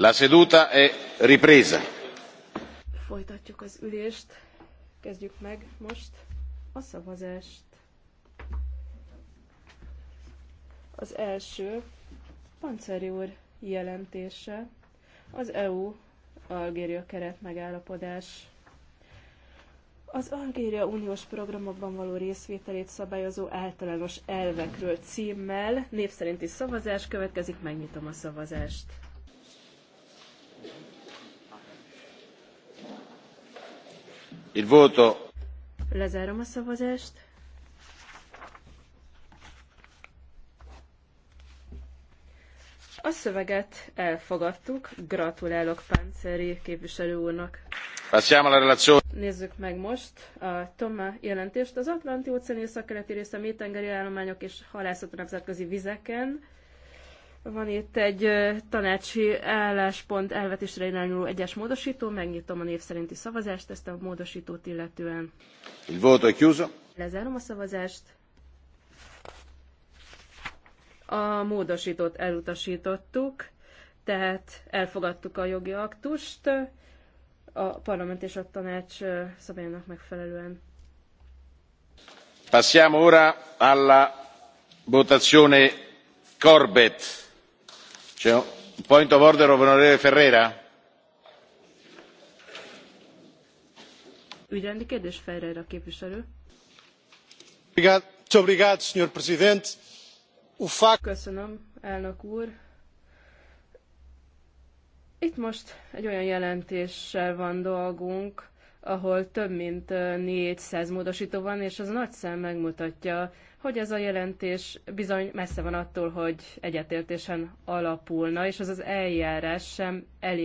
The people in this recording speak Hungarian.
La seduta è ripresa. Folytatjuk az ülést. Kezdjük meg most a szavazást. Az első Panceri úr jelentése az EU Algéria keret megállapodás. Az Algéria uniós programokban való részvételét szabályozó általános elvekről címmel név szerinti szavazás következik, megnyitom a szavazást. Il voto. Lezárom a szavazást. A szöveget elfogadtuk. Gratulálok Páncéri képviselő úrnak. Passiamo alla relazione. Nézzük meg most a Toma jelentést. Az Atlanti óceán északkeleti része mélytengeri állományok és halászat nemzetközi vizeken. Van itt egy tanácsi álláspont elvetésre irányuló egyes módosító, megnyitom a név szerinti szavazást, ezt a módosítót illetően. Il voto è chiuso. Lezárom a szavazást. A módosítót elutasítottuk, tehát elfogadtuk a jogi aktust a parlament és a tanács szabályának megfelelően. Passiamo ora alla votazione Corbett point of order ferreira. ügyrendi kérdés ferreira képviselő. köszönöm elnök úr. itt most egy olyan jelentéssel van dolgunk ahol több mint 400 módosító van, és az nagy szem megmutatja, hogy ez a jelentés bizony messze van attól, hogy egyetértésen alapulna, és az az eljárás sem elég